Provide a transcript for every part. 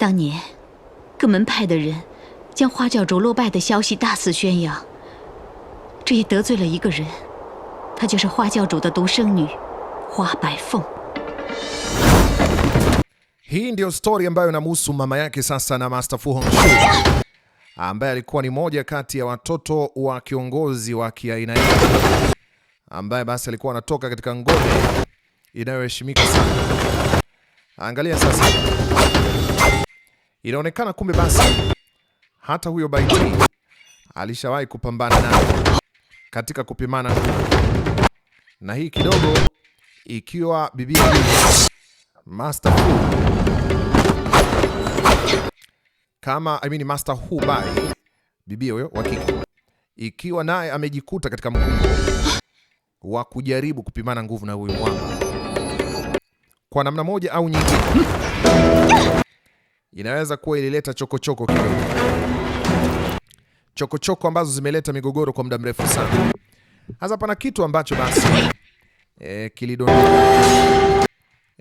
当年，各门派的人将花教主落败的消息大肆宣扬，这也得罪了一个人，她就是花教主的独生女花白凤。Hii ndio story ambayo inamhusu mama yake sasa na Master Fu Hongxue ambaye alikuwa ni moja kati ya watoto wa kiongozi wa kiaina hiyo ambaye basi alikuwa anatoka katika ngome inayoheshimika sana. Angalia sasa. Inaonekana kumbe basi hata huyo Baiti alishawahi kupambana naye katika kupimana na hii kidogo ikiwa bibi Master Fu kama I mean Master Hu Bai bibi huyo wa kike ikiwa naye amejikuta katika mkumbo wa kujaribu kupimana nguvu na huyu mwana kwa namna moja au nyingine inaweza kuwa ilileta chokochoko kidogo, chokochoko ambazo zimeleta migogoro kwa muda mrefu sana. Hasa pana kitu ambacho basi e, kilidondoka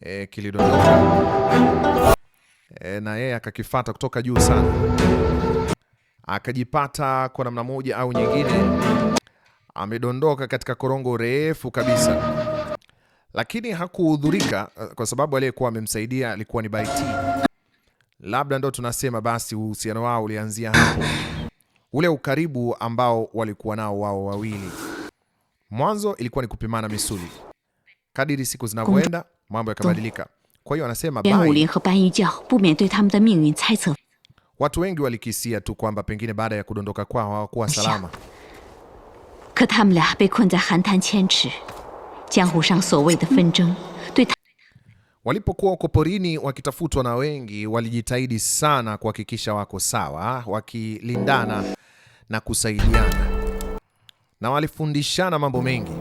e, kilidondoka e, na yeye akakifata kutoka juu sana, akajipata kwa namna moja au nyingine amedondoka katika korongo refu kabisa, lakini hakuhudhurika e, kwa sababu aliyekuwa amemsaidia alikuwa ni Baiti labda ndo tunasema basi uhusiano wao ulianzia hapo, ule ukaribu ambao walikuwa nao wao wawili. Mwanzo ilikuwa ni kupimana misuli, kadiri siku zinavyoenda mambo yakabadilika. Kwa hiyo anasema watu wengi walikisia tu kwamba pengine baada ya kudondoka kwao hawakuwa salama. Walipokuwa wako porini wakitafutwa na wengi, walijitahidi sana kuhakikisha wako sawa, wakilindana na kusaidiana na walifundishana mambo mengi.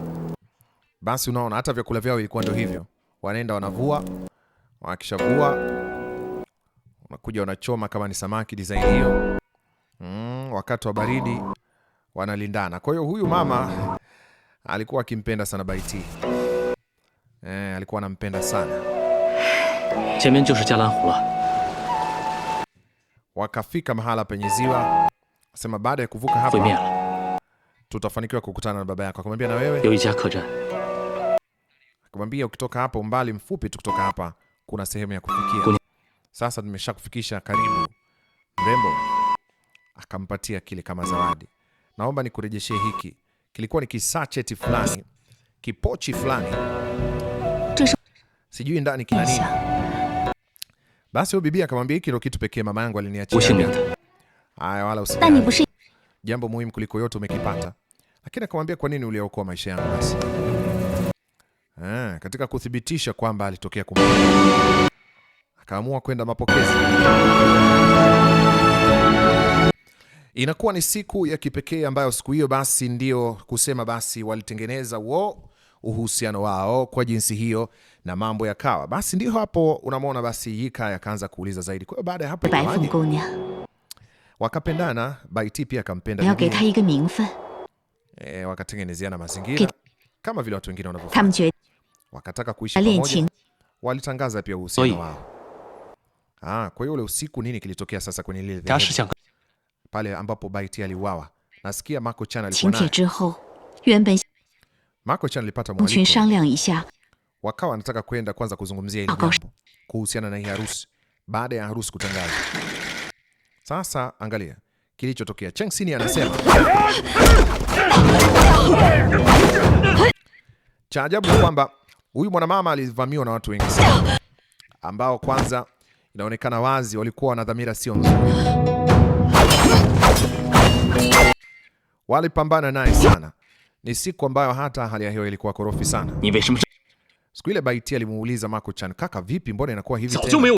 Basi unaona hata vyakula vyao ilikuwa ndio hivyo, wanaenda wanavua, wakishavua wanakuja wanachoma, kama ni samaki design hiyo mm, wakati wa baridi wanalindana. Kwa hiyo huyu mama alikuwa akimpenda sana Baiti. Eh, alikuwa anampenda sana. 前面就是加兰湖了。Wakafika mahala penye ziwa, sema baada ya kuvuka hapa tutafanikiwa kukutana na baba yako. Akamwambia na wewe, akamwambia ukitoka hapa umbali mfupi tu kutoka hapa kuna sehemu ya kufikia. Sasa kufikisha karibu, mrembo. Akampatia kile kama zawadi, naomba nikurejeshe hiki. Kilikuwa ni kisacheti fulani, kipochi fulani, sijui ndani kina nini. Basi huyo bibi akamwambia hiki ndio kitu pekee mama yangu aliniachia. Haya, wala usi. Jambo muhimu kuliko yote umekipata. Lakini akamwambia kwa nini uliokoa maisha yangu basi? Ah, katika kuthibitisha kwamba alitokea kum akaamua kwenda mapokezi. Inakuwa ni siku ya kipekee ambayo siku hiyo basi ndio kusema basi walitengeneza wo uhusiano wao kwa jinsi hiyo na mambo yakawa basi, ndio hapo unamwona basi Yika yakaanza kuuliza zaidi. Kwa hiyo baada ya hapo wakapendana, Baiti pia akampenda, e, wakatengenezeana mazingira kama vile watu wengine wanavyofanya, wakataka kuishi pamoja, walitangaza pia uhusiano wao. Ah, kwa hiyo ule usiku nini kilitokea sasa kwenye lile pale ambapo Baiti aliuawa? Nasikia Mako Chan alikuwa naye Marco alipata mwaliko. Shauriana 一下. Wakawa anataka kwenda kwanza kuzungumzia ile jambo kuhusiana na hii harusi baada ya harusi kutangazwa. Sasa angalia kilichotokea. Cheng Sini anasema cha ajabu kwamba huyu mwanamama alivamiwa na watu wengi sana ambao kwanza inaonekana wazi walikuwa na dhamira sio nzuri, walipambana naye sana ni siku ambayo hata hali ya hewa ilikuwa korofi sana. Siku ile Baiti alimuuliza Ma Kongqun, kaka, vipi, mbona inakuwa hivi tena?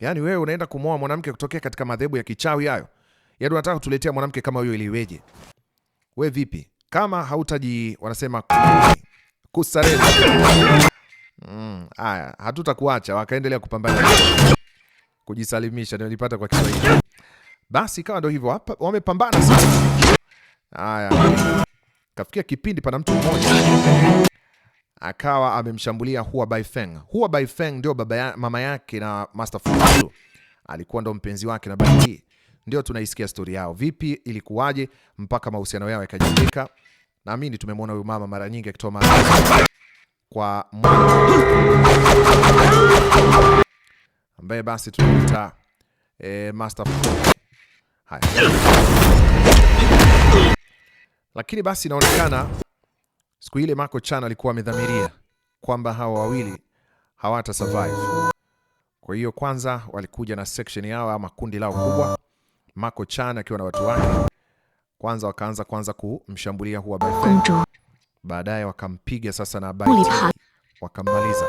Yaani wewe unaenda kumwoa mwanamke kutokea katika madhehebu ya kichawi hayo? Yaani unataka kutuletea mwanamke kama huyo ili iweje? Wewe vipi? Kama hautaji wanasema kusare. Mm, aya, hatutakuacha. Wakaendelea kupambana. Kujisalimisha ndio nilipata kwa Kiswahili. Basi kawa ndio hivyo. hapa Wamepambana sana. Aya. Kafikia kipindi pana mtu mmoja akawa amemshambulia Hua Baifeng. Hua Baifeng ndio baba ya, mama yake na Master Fu Hongxue alikuwa ndo mpenzi wake na Bai Ndio tunaisikia stori yao, vipi ilikuwaje mpaka mahusiano yao yakajirika? Naamini tumemwona huyu mama mara nyingi akitoa maana kwa ambaye basi tunamuita eh, Master Fu. Haya. Lakini basi inaonekana siku ile Marco Chan alikuwa amedhamiria kwamba hawa wawili hawata survive. Kwa hiyo kwanza walikuja na section yao ama kundi lao kubwa, Marco Chan akiwa na watu wake. Kwanza wakaanza kwanza kumshambulia huwa Baifeng. Baadaye wakampiga sasa na Bai. Wakamaliza.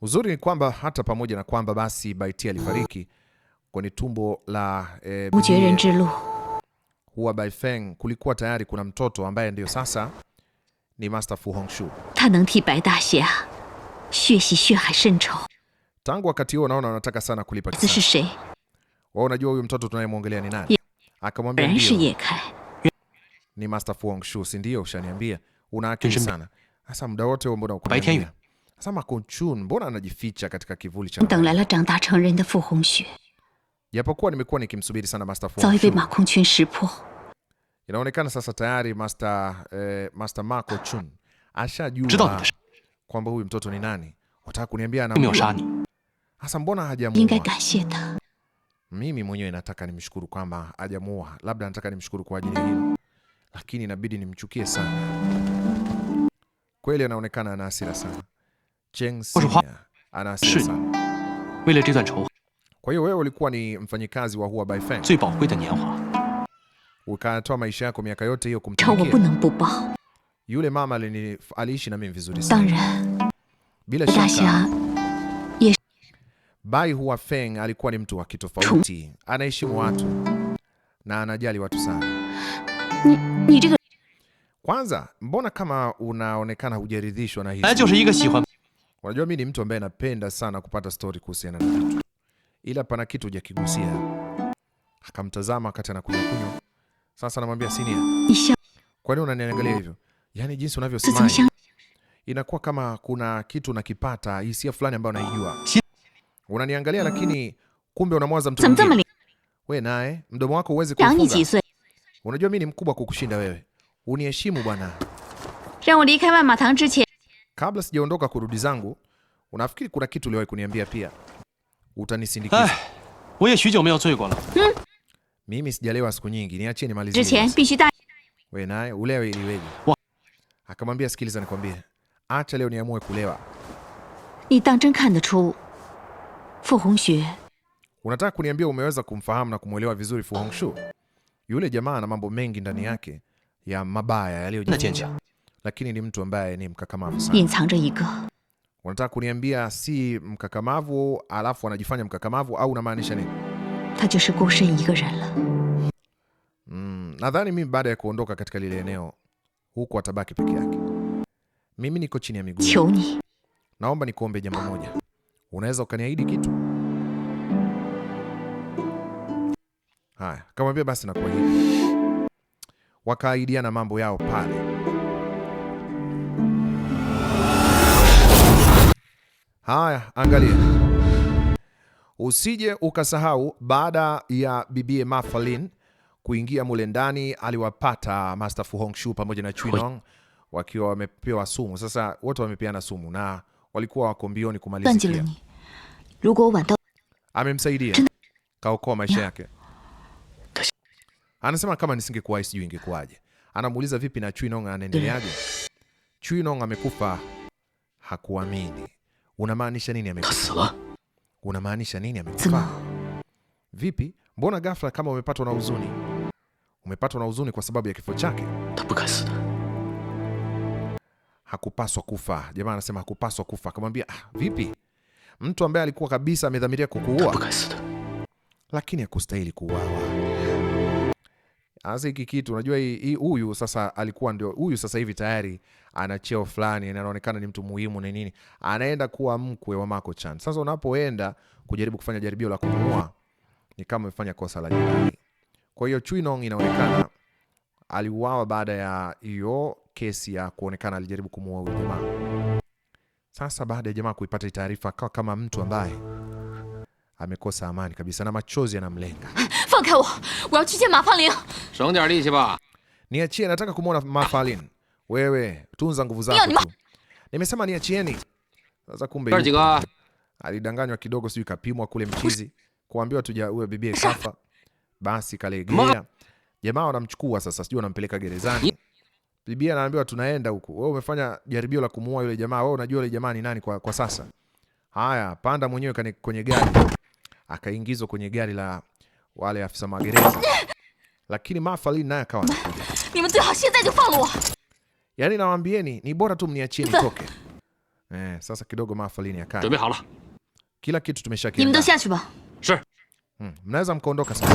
Uzuri ni kwamba hata pamoja na kwamba basi Bai alifariki kwenye tumbo la eh, Hua Baifeng kulikuwa tayari kuna mtoto ambaye ndiyo sasa ni Master Fu Hongxue. Ta neng ti bai da xue a. Xue xi xue hai shen chou. Tangu wakati huo naona wanataka sana kulipa kisasi. Wao unajua huyu mtoto tunayemwongelea ni nani? Akamwambia ndio. Ni Master Fu Hongxue, si ndio? Ushaniambia. Una akili sana. Sasa muda wote huo mbona uko Sasa Ma Kongqun mbona anajificha katika kivuli cha? Deng lai le zhang da cheng ren de Fu Hongxue. Japokuwa nimekuwa nikimsubiri sana Master Fu Manchu. Inaonekana sasa tayari Master, eh, Master Ma Kongqun ashajua kwamba huyu mtoto ni nani. Wataka kuniambia ana hasa, mbona hajamuua? Mimi mwenyewe nataka nimshukuru kwamba hajamuua, labda nataka nimshukuru kwa ajili hiyo, lakini inabidi nimchukie sana. Kweli anaonekana ana hasira sana. Cheng ana hasira sana. Kwa hiyo wewe ulikuwa ni mfanyikazi wa Hua Baifeng, ukatoa maisha yako miaka yote hiyo kumtumikia yule mama. aliishi na mimi vizuri sana bila shaka. Bai Hua Feng alikuwa ni mtu wa kitofauti, anaheshimu watu na anajali watu sana. Kwanza, mbona kama unaonekana hujaridhishwa na hii? Unajua mimi ni mtu ambaye napenda sana kupata story kuhusiana na watu ila pana kitu hujakigusia. Akamtazama wakati anakunywa kunywa. Sasa anamwambia Sinia, kwa nini unaniangalia hivyo? Yaani jinsi unavyosimama inakuwa kama kuna kitu nakipata, hisia fulani ambayo naijua. Unaniangalia lakini kumbe unamwaza mtu mwingine. We naye mdomo wako uwezi yaani kufunga. Unajua mimi ni mkubwa kukushinda wewe. Uniheshimu bwana. Kabla sijaondoka kurudi zangu, unafikiri kuna kitu uliwahi kuniambia pia? Utanisindikiza. Ah, hmm? Mimi sijalewa siku nyingi, Wewe naye ulewe ili weje? Akamwambia, sikiliza nikwambie, acha leo niamue kulewa. Unataka kuniambia umeweza kumfahamu na kumwelewa vizuri Fu Hongxue? Yule jamaa ana mambo mengi ndani yake ya mabaya lakini ni mtu ambaye ni mkakamavu sana. Unataka kuniambia si mkakamavu alafu anajifanya mkakamavu au unamaanisha nini? Mm, nadhani mimi baada ya kuondoka katika lile eneo huku atabaki peke yake. Mimi niko chini ya miguu. Naomba nikuombe jambo moja. Unaweza ukaniahidi kitu? Haya, kamwambia basi nakuahidi. Wakaahidiana mambo yao pale. Haya, angalia, usije ukasahau, baada ya bibie Ma Fangling kuingia mule ndani aliwapata Master Fu Hongxue pamoja na Chui Nong wakiwa wamepewa sumu. Sasa wote wamepeana sumu na walikuwa wako mbioni kumaliza. Amemsaidia, kaokoa maisha yake. Anasema kama nisingekuwa sijui ingekuwaje. Anamuuliza vipi na Chui Nong anaendeleaje? Chui Nong amekufa, hakuamini Unamaanisha nini amekufa? Unamaanisha nini amekufa? Vipi? Mbona ghafla kama umepatwa na huzuni? Umepatwa na huzuni kwa sababu ya kifo chake? Hakupaswa kufa. Jamaa anasema hakupaswa kufa. Akamwambia, ah, vipi? Mtu ambaye alikuwa kabisa amedhamiria kukuua, lakini hakustahili kuuawa. Sasa hiki kitu unajua, huyu sasa alikuwa ndio huyu, sasa hivi tayari ana cheo fulani na anaonekana ni mtu muhimu na nini, anaenda kuwa mkwe wa Marco Chan. Sasa unapoenda kujaribu kufanya jaribio la kumua, ni kama umefanya kosa la jinai. Kwa hiyo Chui Nong inaonekana aliuawa baada ya hiyo kesi ya kuonekana alijaribu kumuua huyu jamaa. Sasa baada ya jamaa kuipata taarifa, akawa kama mtu ambaye amekosa amani kabisa na machozi yanamlenga. Niachie, nataka kumwona Ma Fangling. Wewe tunza nguvu zako tu. Nimesema niachieni. Sasa kumbe alidanganywa kidogo, sijui kapimwa kule mchizi, kuambiwa tuja uwe bibi kafa, basi kalegea. Jamaa wanamchukua sasa, sijui wanampeleka gerezani. Bibi anaambiwa tunaenda huku, wewe umefanya jaribio la kumuua yule jamaa, wewe unajua yule jamaa ni nani kwa, kwa sasa. Haya, panda mwenyewe kwenye gari akaingizwa kwenye gari la wale afisa magereza, lakini Ma Fangling naye akawa yani, nawaambieni ni bora tu mniachie nitoke. Eh, sasa kidogo Ma Fangling akaja, kila kitu tumeshakiandaa. Hmm, mnaweza mkaondoka sasa.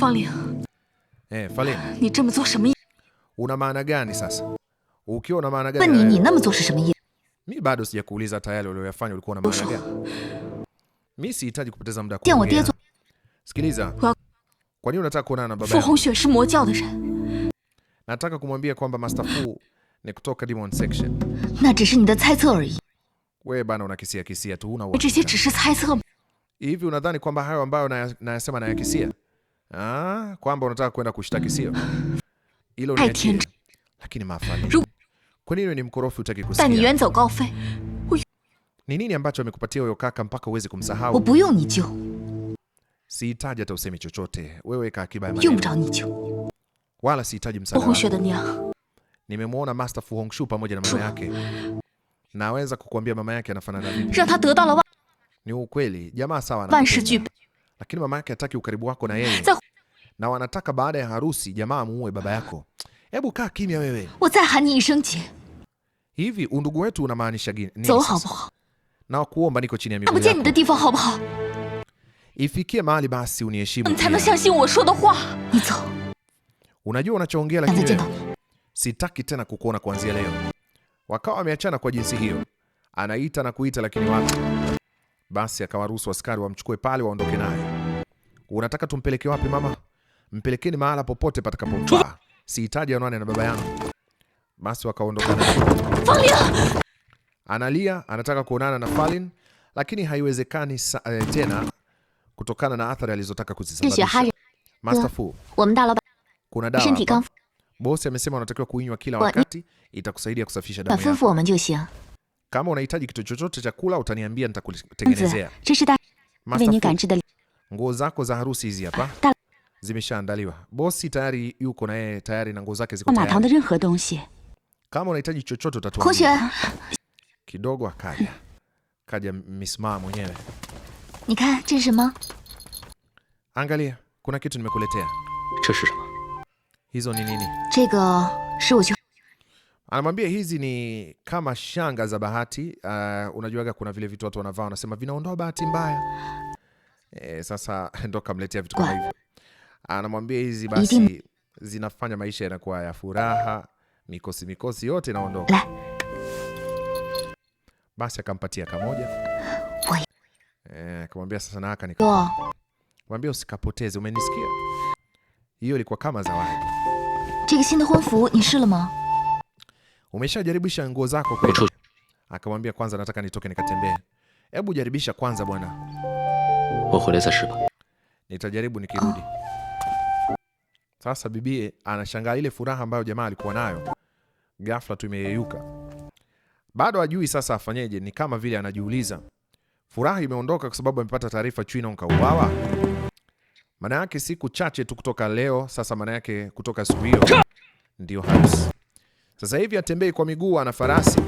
Fangling. Eh, Fangling. una maana gani sasa? Ukiwa una maana gani? Mi bado sijakuuliza hata yale ulioyafanya ulikuwa na maana gani. Mi sihitaji kupoteza muda kuongea. Sikiliza. Kwa nini unataka kuonana na baba yangu? Nataka kumwambia kwamba Master Fu ni kutoka Demon Section. Na jishi ori. Wewe bana unakisia kisia tu una Hivi unadhani kwamba hayo ambayo nayasema na yakisia? Ah, kwamba unataka kwenda kushtaki sio? Hilo ni. Lakini mafani. Kwa nini ni mkorofi utaki kusikia? Ni yuan zou Ni nini ambacho amekupatia huyo kaka mpaka uweze kumsahau? Bu yong ni jiu. Sihitaji hata usemi chochote. Wewe weka akiba ya maneno. Yong zhao ni Wala sihitaji msaada. Bu Hongxue de niang. Nimemwona Master Fu Hongxue pamoja na mama yake. Naweza kukuambia mama yake anafanana vipi. Rang ta de dao la ni ukweli, jamaa sawa na. Lakini mama yake hataki ukaribu wako na yeye. Na wanataka baada ya harusi jamaa muue baba yako. Hebu kaa kimya wewe. Hivi undugu wetu unamaanisha gani? Na kuomba niko chini ya miguu yako. Ifikie mahali basi uniheshimu. Unajua unachoongea lakini sitaki tena kukuona kuanzia leo. Wakawa wameachana kwa jinsi hiyo. Anaita na kuita lakini wapi. Basi akawaruhusu askari wamchukue pale waondoke naye. Unataka tumpeleke wapi mama? Mpelekeni mahala popote patakapomfaa sihitaji anwani na baba yangu. Basi wakaondoka. Analia, anataka kuonana na Falin lakini haiwezekani eh, tena kutokana na athari alizotaka kuzisababisha. Master Fu, kuna dawa. Bosi amesema unatakiwa kuinywa kila wakati, itakusaidia kusafisha damu yako. Kama unahitaji kitu chochote cha kula utaniambia, nitakutengenezea. Nguo zako za harusi hizi hapa zimeshaandaliwa. Bosi tayari yuko naye tayari na nguo zake ziko tayari. Kama unahitaji chochote utatuambia. Kidogo akaja. Kaja Miss mwenyewe. Angalia, kuna kitu nimekuletea. Hizo ni nini? Anamwambia hizi ni kama shanga za bahati. Uh, unajuaga kuna vile vitu watu wanavaa wanasema vinaondoa bahati mbaya. Eh, sasa ndo kamletea vitu kama hivyo anamwambia hizi basi zinafanya maisha yanakuwa ya furaha, mikosi mikosi yote inaondoka. Basi akampatia kamoja, eh, akamwambia sasa na haka nikamwambia usikapoteze, umenisikia? Hiyo ilikuwa kama zawadi. Umeshajaribisha nguo zako kweli? Akamwambia kwanza nataka nitoke nikatembee. Hebu jaribisha kwanza bwana. Nitajaribu nikirudi. Sasa bibie anashangaa ile furaha ambayo jamaa alikuwa nayo ghafla tu imeyeyuka. Bado ajui sasa afanyeje, ni kama vile anajiuliza. Furaha imeondoka kwa sababu amepata taarifa Chino kauawa. Maana yake siku chache tu kutoka leo, sasa maana yake kutoka siku hiyo ndio harusi. Sasa hivi atembei kwa miguu, ana farasi.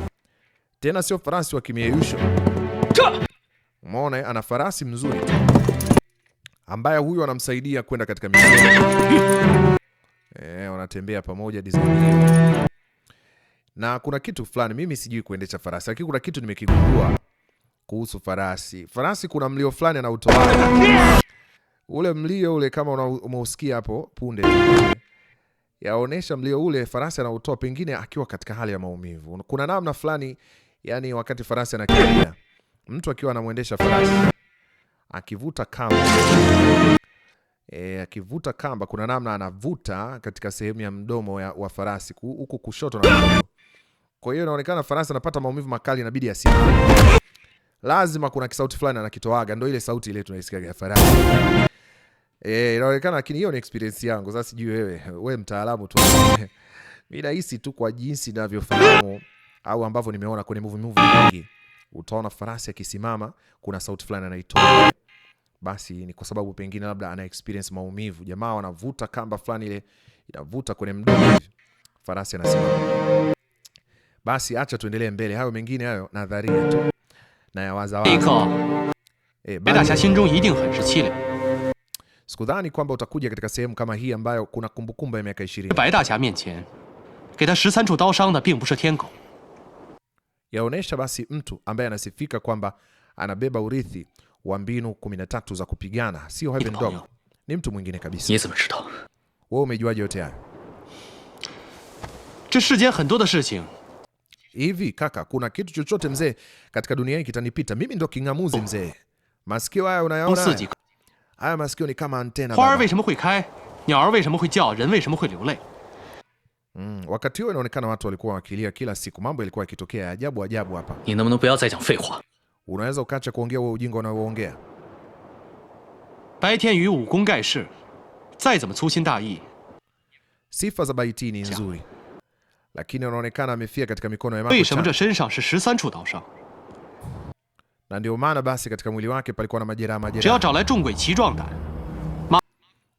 Tena sio farasi wa kimeyeyusho. Umeona, ana farasi mzuri tu ambaye huyu anamsaidia kwenda katika Eh, wanatembea pamoja na kuna kitu fulani, mimi sijui kuendesha farasi, lakini kuna kitu nimekigundua kuhusu farasi. Farasi kuna mlio fulani anautoa, ule mlio ule kama umeusikia hapo punde, yaonesha mlio ule farasi anautoa, pengine akiwa katika hali ya maumivu. Kuna namna fulani, yani wakati farasi anakimbia, mtu akiwa anamwendesha farasi akivuta kamba e, akivuta kamba, kuna namna anavuta katika sehemu ya mdomo ya, wa farasi huku kushoto na kwa hiyo inaonekana farasi anapata maumivu makali, inabidi asimame. Lazima kuna kisauti fulani anakitoaga, ndio ile sauti ile tunaisikia ya farasi e, inaonekana. Lakini hiyo ni experience yangu, sasa sijui wewe, wewe mtaalamu tu mimi nahisi tu kwa jinsi ninavyofahamu au ambavyo nimeona kwenye movie movie nyingi, utaona farasi akisimama, kuna sauti fulani anaitoa basi ni kwa sababu pengine labda ana experience maumivu. Jamaa wanavuta kamba fulani, ile inavuta kwenye mdomo hivi, farasi anasimama. Basi acha tuendelee mbele, hayo mengine hayo nadharia tu na ya waza waza. Eh, sikudhani kwamba utakuja katika sehemu kama hii ambayo kuna kumbukumbu ya miaka 20. 13 Yaonesha basi mtu ambaye anasifika kwamba anabeba urithi wa mbinu 13 za kupigana, sio Heaven Dog, ni mtu mwingine kabisa. Wewe umejuaje yote hayo? Hivi kaka, kuna kitu chochote mzee katika dunia hii kitanipita mimi? Ndo king'amuzi mzee. Masikio haya unayaona? Haya masikio ni kama antena. Mm, wakati huo inaonekana watu walikuwa wakilia kila siku, mambo yalikuwa yakitokea ajabu ajabu hapa. Unaweza ukaacha kuongea huo ujinga unaoongea. Bai Tianyu wu gai shi, zai zema cu da yi. Sifa za Bai ni nzuri, lakini anaonekana amefia katika mikono ya maji. Na ndio maana basi katika mwili wake palikuwa na majeraha majeraha.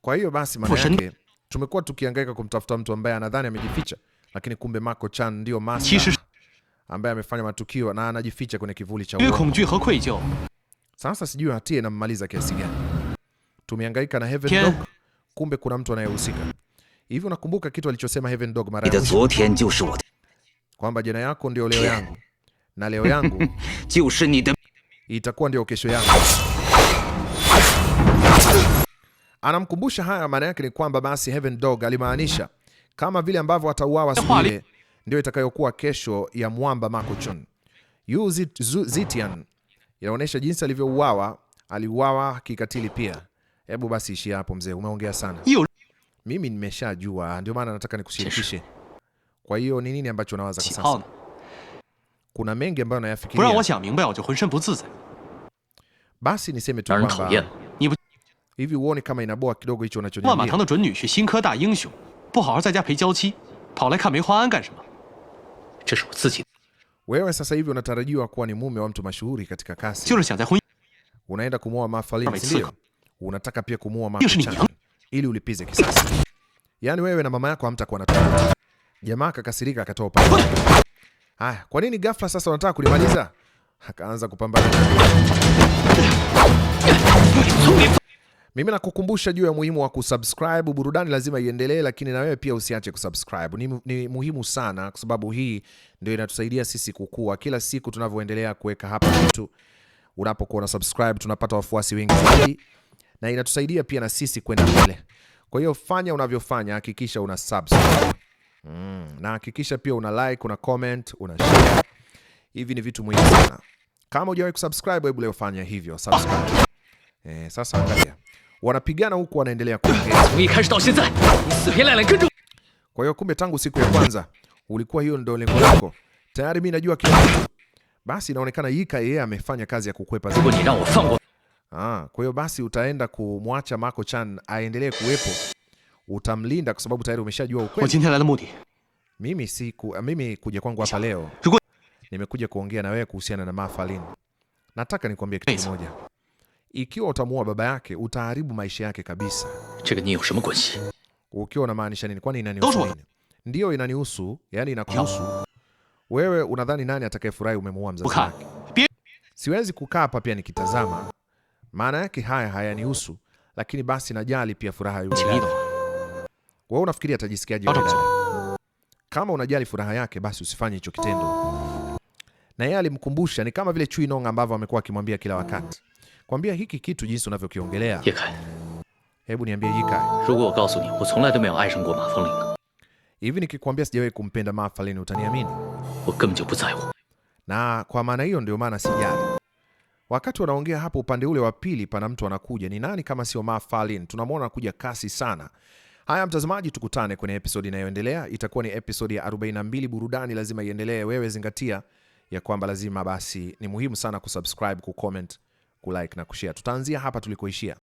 Kwa hiyo basi maana yake tumekuwa tukihangaika kumtafuta mtu ambaye anadhani amejificha, lakini kumbe Mako Chan ndio master ambaye amefanya matukio na anajificha kwenye kivuli cha uongo. Sasa sijui hatie nammaliza kiasi gani. Tumehangaika na Heaven Dog, kumbe kuna mtu anayehusika. Hivi unakumbuka kitu alichosema Heaven Dog mara ya mwisho? Kwamba jana yako ndio leo yangu na leo yangu itakuwa ndio kesho yangu. Anamkumbusha haya, maana yake ni kwamba basi Heaven Dog alimaanisha kama vile ambavyo atauawa siku ile ndio itakayokuwa kesho ya mwamba Makuchun. Yu Zitian inaonyesha jinsi alivyouawa, aliuawa kikatili pia. Hebu basi ishi hapo mzee, umeongea sana. Mimi nimeshajua, ndio maana nataka nikushirikishe. Kwa hiyo ni nini ambacho unawaza kwa sasa? Kuna mengi ambayo nayafikiria. Basi niseme tu kwamba hivi uone kama inaboa kidogo hicho unachoniambia. 这是我自己。Wewe sasa hivi unatarajiwa kuwa ni mume wa mtu mashuhuri katika kasi. Unaenda kumuoa Ma Fangling, ndio? Unataka pia kumuoa Ma ili ulipize kisasi. Yaani wewe na mama yako hamtakuwa na tofauti. Jamaa akakasirika akatoa upanga. Haya, kwa nini ghafla sasa unataka kulimaliza? Akaanza kupambana. Mimi nakukumbusha juu ya muhimu wa kusubscribe. Burudani lazima iendelee, lakini na wewe pia usiache kusubscribe. Ni, ni muhimu sana kwa sababu hii ndio inatusaidia sisi kukua kila siku tunavyoendelea kuweka hapa vitu. Unapokuwa na subscribe tunapata wafuasi wengi zaidi na inatusaidia pia na sisi kwenda mbele. Kwa hiyo fanya unavyofanya, hakikisha una subscribe. Mm, na hakikisha pia una like, una comment, una share. Hivi ni vitu muhimu sana. Kama hujawahi kusubscribe, hebu leo fanya hivyo, subscribe. Eh, sasa angalia wanapigana huku wanaendelea Kwa hiyo kumbe tangu siku ya kwanza ulikuwa hiyo ndio lengo lako. Tayari mimi najua kila kitu. Basi inaonekana Yika yeye amefanya kazi ya kukwepa Ah, kwa hiyo basi utaenda kumwacha Mako Chan aendelee kuwepo. Utamlinda kwa sababu tayari umeshajua ukweli. Mimi siku ah, mimi kuja kwangu hapa leo. Nimekuja kuongea na wewe kuhusiana na Ma Fangling. Nataka nikwambie kitu kimoja. Ikiwa utamuua baba yake utaharibu maisha yake kabisa. Ukiwa unamaanisha nini? Kwani inanihusu nini? Ndiyo, inanihusu, yani inakuhusu wewe. Unadhani nani atakayefurahi umemuua mzazi wake? Siwezi kukaa hapa pia nikitazama. Maana yake haya hayanihusu, lakini basi najali pia furaha yule Wewe unafikiri atajisikiaje Kama unajali furaha yake, basi usifanye hicho kitendo. Na yeye alimkumbusha, ni kama vile chui nonga ambavyo amekuwa akimwambia kila wakati. Kwambia hiki kitu jinsi unavyokiongelea. Hebu niambie Yika. Hivi nikikwambia sijawahi kumpenda Ma Fangling utaniamini? Na kwa maana hiyo ndio maana sijali. Wakati wanaongea hapo upande ule wa pili pana mtu anakuja. Ni nani kama sio Ma Fangling? Tunamwona anakuja kasi sana. Haya mtazamaji, tukutane kwenye episodi inayoendelea. Itakuwa ni episodi ya 42. Burudani lazima iendelee. Wewe zingatia ya kwamba lazima basi, ni muhimu sana kusubscribe, kucomment kulike na kushare. Tutaanzia hapa tulikoishia.